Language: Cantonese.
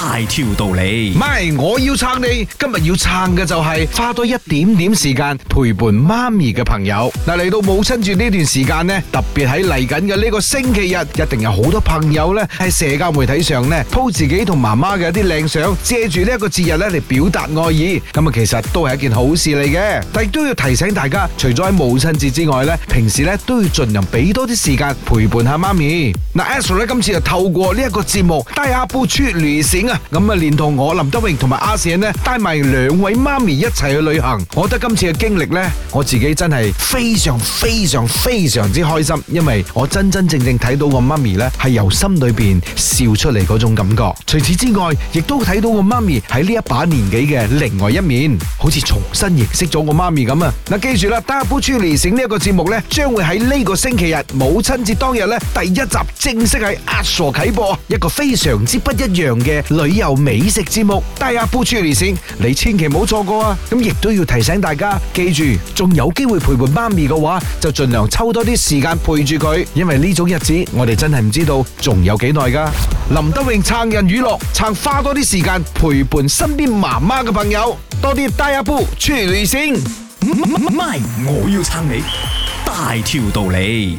大條道理，MY 我要撐你，今日要撐嘅就係花多一點點時間陪伴媽咪嘅朋友。嗱，嚟到母親節呢段時間咧，特別喺嚟緊嘅呢個星期日，一定有好多朋友咧喺社交媒體上咧 po 自己同媽媽嘅一啲靚相，借住呢一個節日咧嚟表達愛意。咁啊，其實都係一件好事嚟嘅，但亦都要提醒大家，除咗喺母親節之外咧，平時都要盡量俾多啲時間陪伴下媽咪。嗱 Ashley 咧今次就透過呢一個節目《低下布出旅咁啊，連同我林德榮同埋阿姐呢，帶埋兩位媽咪一齊去旅行，我覺得今次嘅經歷呢，我自己真係非常非常非常之開心，因為我真真正正睇到我媽咪呢，係由心裏邊笑出嚟嗰種感覺。除此之外，亦都睇到我媽咪喺呢一把年紀嘅另外一面，好似重新認識咗我媽咪咁啊！嗱，記住啦，《Double Cheer City》呢一個節目呢，將會喺呢個星期日母親節當日呢，第一集正式喺阿傻啟播，一個非常之不一樣嘅。旅遊美食節目，低阿布出嚟先，你千祈唔好錯過啊！咁亦都要提醒大家記住，仲有機會陪伴媽咪嘅話，就盡量抽多啲時間陪住佢，因為呢種日子我哋真係唔知道仲有幾耐噶。林德榮撐人娛樂，撐花多啲時間陪伴身邊媽媽嘅朋友，多啲低阿布出嚟先，唔賣，我要撐你，大條道理。